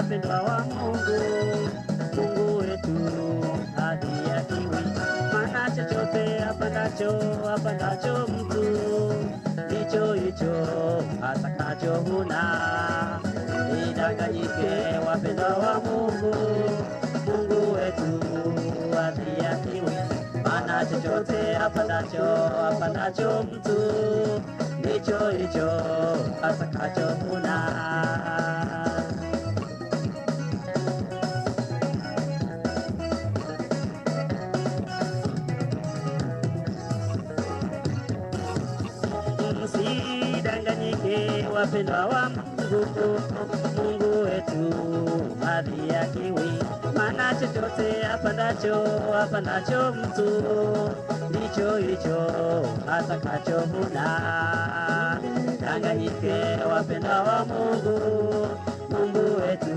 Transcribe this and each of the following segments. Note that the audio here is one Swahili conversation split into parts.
wapendwa wa Mungu, Mungu wetu hadi akiwi, maana chochote apandacho apandacho mtu hicho hicho atakachovuna. Usidanganyike wapendwa wa Mungu, Mungu wetu hadi akiwi, maana chochote apandacho apandacho mtu hicho hicho atakachovuna. nawa mguku Mungu wetu hadi ya kiwi, maana chochote apandacho apandacho mtu ndicho hicho atakachovuna. Tanganyike wapenda wa Mungu, Mungu wetu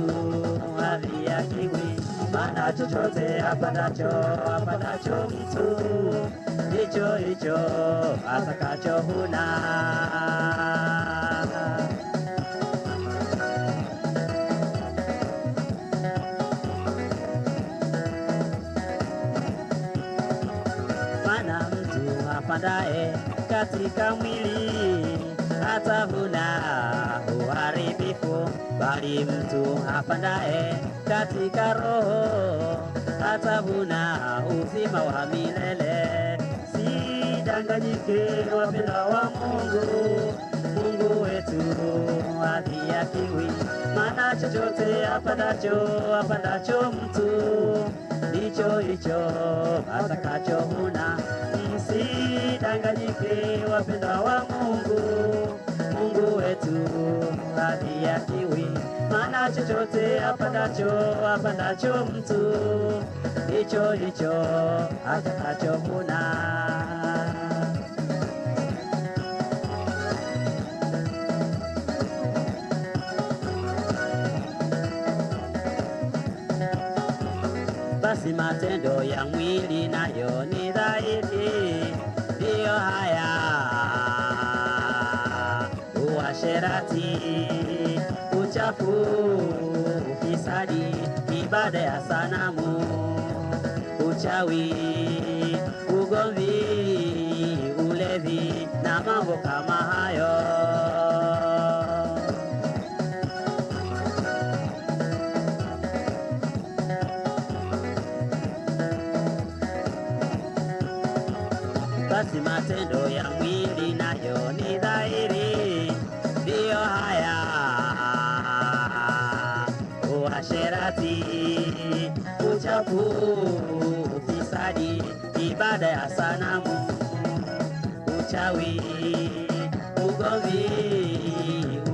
hadi ya kiwi, maana chochote apandacho apandacho mtu ndicho hicho atakachovuna. katika mwili, hata huna uharibifu, bali mtu apandaye katika roho, hata huna uzima wa milele. Sidanganyike wapenda wa Mungu, Mungu wetu kiwi mana chochote apandacho apandacho mtu ndicho hicho atakacho huna tusidanganyike, wapenda wa Mungu. Mungu wetu hadhihakiwi, maana chochote apandacho apandacho mtu, hicho hicho atakacho vuna. basi matendo ya mwili nayo ni dhaiti ndiyo haya uasherati, uchafu, ufisadi, ibada ya sanamu, uchawi, ugomvi, ulevi na mambo kama hayo. basi matendo ya mwili nayo ni dhahiri, ndiyo haya uasherati, uchafu, ufisadi, ibada ya sanamu, uchawi, ugomvi,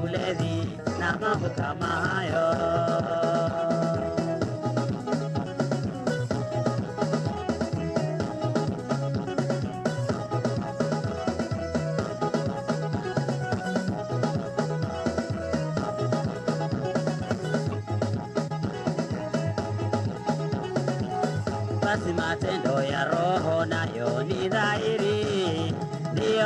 ulevi na mambo kama hayo.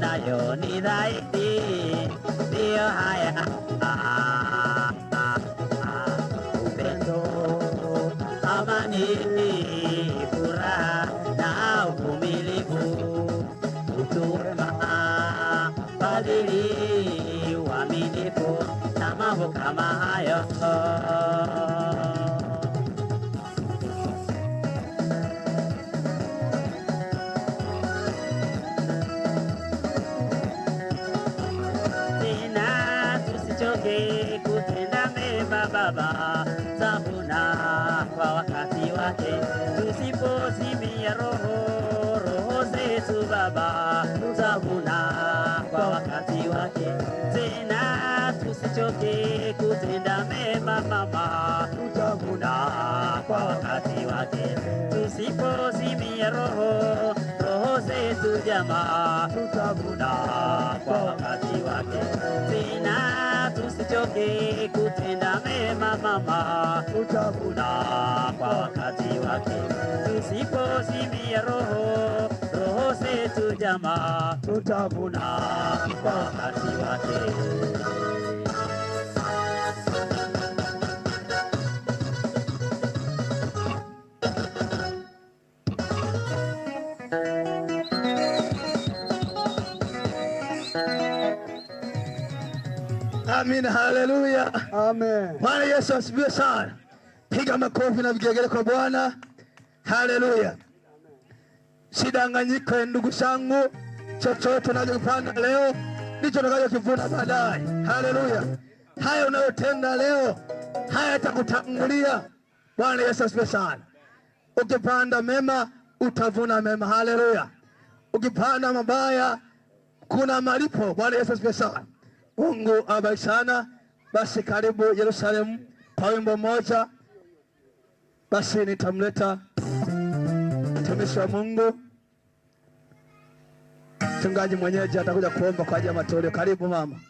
da ni da di di yo ah ah ah upendo amani furaha na uvumilivu uturema fadhili uaminifu na mambo kama hayo oh. zake, tusipozimia roho roho zetu Baba, tutavuna kwa wakati wake. Tena tusichoke kutenda mema Baba, tutavuna kwa wakati wake, tusipozimia roho Yesu jamaa, tutavuna kwa wakati wake. Tena tusichoke kutenda mema mama, tutavuna kwa wakati wake. Tusipozimbia roho roho zetu jamaa, tutavuna kwa wakati wake. Amina, haleluya, amen. Bwana Yesu asifiwe sana. Piga makofi na vigelegele kwa Bwana, haleluya. Sidanganyike ndugu zangu, chochote unachokifanya leo ndicho utakachokivuna baadaye. Haleluya, haya unayotenda leo haya yatakutangulia. Bwana Yesu asifiwe sana. Ukipanda mema utavuna mema, haleluya. Ukipanda mabaya kuna malipo. Bwana Yesu asifiwe sana. Mungu abariki sana. Basi karibu Yerusalemu kwa wimbo moja, basi nitamleta mtumishi wa Mungu, mchungaji mwenyeji atakuja kuomba kwa ajili ya matoleo. Karibu mama.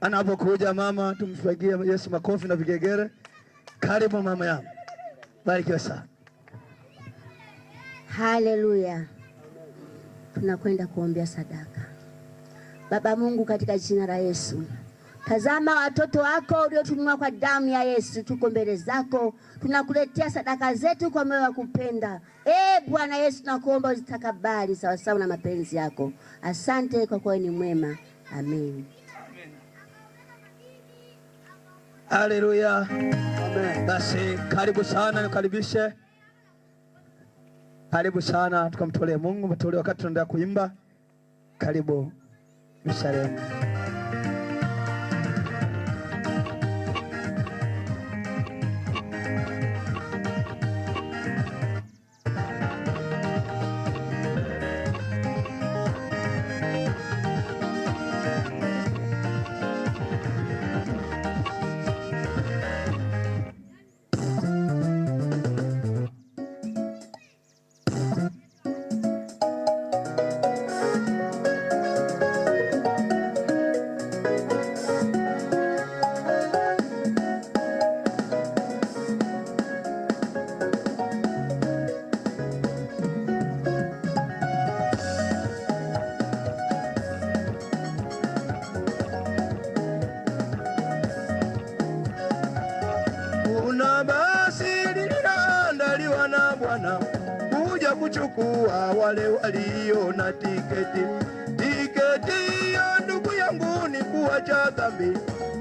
Anapokuja mama, tumpigie Yesu makofi na vigegere. Karibu mama yangu, barikiwe sana. Haleluya, tunakwenda kuombea sadaka. Baba Mungu, katika jina la Yesu, tazama watoto wako uliotunua kwa damu ya Yesu, tuko mbele zako, tunakuletea sadaka zetu kwa moyo wa kupenda. E Bwana Yesu, nakuomba uzitakabali sawasawa na mapenzi yako. Asante kwa kuwa ni mwema. Amen. Haleluya. Basi karibu sana, nikaribishe. Karibu sana, tukamtolee Mungu matoleo wakati tunaenda kuimba. Karibu. Salut. kuchukua wale walio na tiketi. Tiketi ya ndugu yangu ni kuacha dhambi,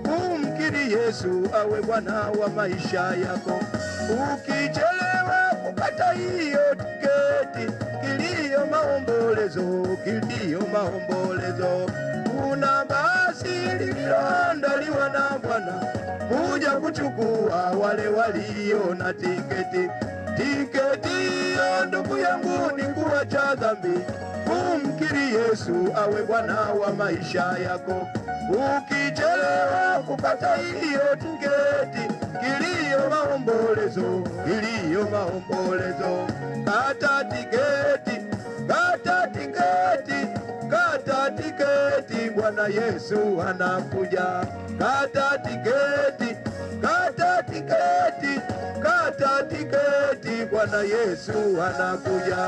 kumkiri Yesu awe Bwana wa maisha yako. Ukichelewa kupata hiyo tiketi, kilio maombolezo, kilio maombolezo. Kuna basi lililoandaliwa na Bwana kuja kuchukua wale walio na tiketi. Tiketi ya ndugu yangu ni nguo cha dhambi, kumkiri Yesu awe Bwana wa maisha yako. Ukichelewa kupata hiyo tiketi, kilio maombolezo, kilio maombolezo. Kata tiketi, kata tiketi, kata tiketi, Bwana Yesu anakuja. Kata tiketi, kata tiketi, kata tiketi Bwana Yesu anakuja.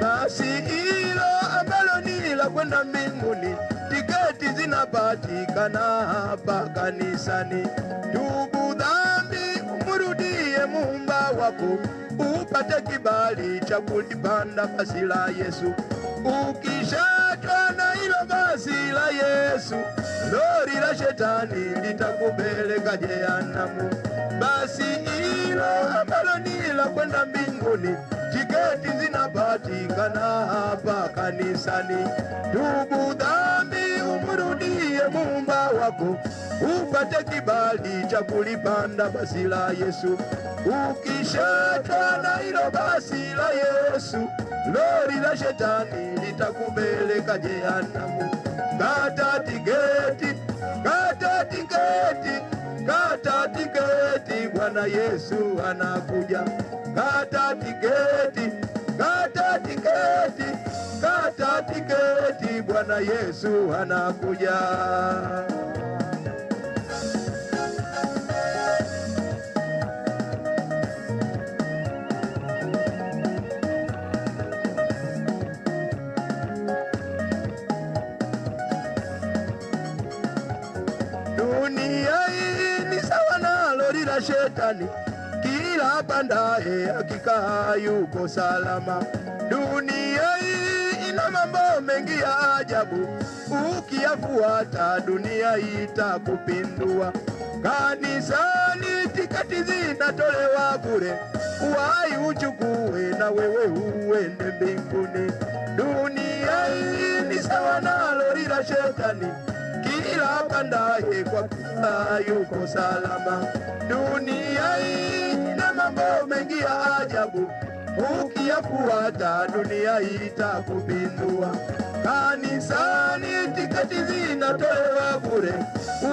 Basi hilo ambalo ni la kwenda mbinguni, tiketi zinapatikana hapa kanisani tu upate kibali cha kulipanda basi la Yesu. Ukishaka na ilo basi la Yesu, lori la shetani litakupeleka jehanamu. Basi ilo ambalo ni la kwenda mbinguni, tiketi zinapatikana hapa kanisani. Tubu dhambi, umrudie muumba wako upate kibali cha kulipanda basi la Yesu. Ukishatwa na hilo basi la Yesu, lori la shetani litakupeleka jehanamu. Kata tiketi, kata tiketi, kata tiketi, Bwana Yesu anakuja. Kata tiketi, kata tiketi, kata tiketi, Bwana Yesu anakuja. shetani, kila pandaye hakika yuko salama. Dunia hii ina mambo mengi ya ajabu, ukiyafuata dunia itakupindua. Kanisani tikati zinatolewa bure, uwai uchukue na wewe uende mbinguni. Dunia hii ni sawa na lori la shetani ila kandaye kwa kuwa yuko salama. Dunia hii na mambo mengi ya ajabu, ukiyafuata dunia itakupindua. Kanisani tiketi zinatolewa bure,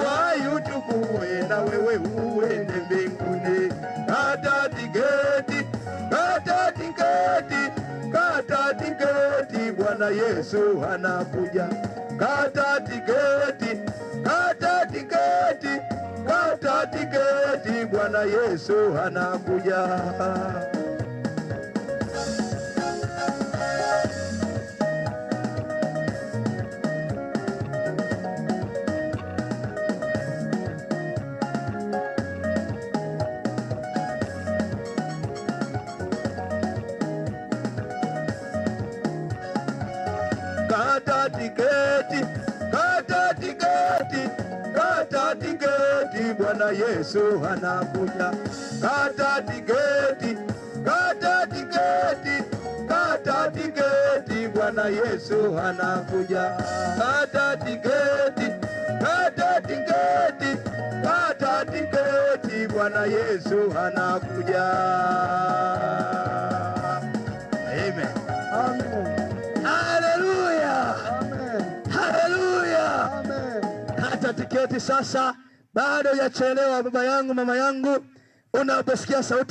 wayuchukue na wewe uende mbinguni. Kata tiketi, kata tiketi, kata tiketi, Bwana Yesu anakuja. Kata tiketi Bwana Yesu anakuja. Kata tiketi Yesu anakuja. Kata tiketi, kata tiketi, kata tiketi, Bwana Yesu anakuja. Kata tiketi, kata tiketi, kata tiketi, Bwana Yesu anakuja. tiketi sasa bado yachelewa, baba yangu, mama yangu, unaposikia sauti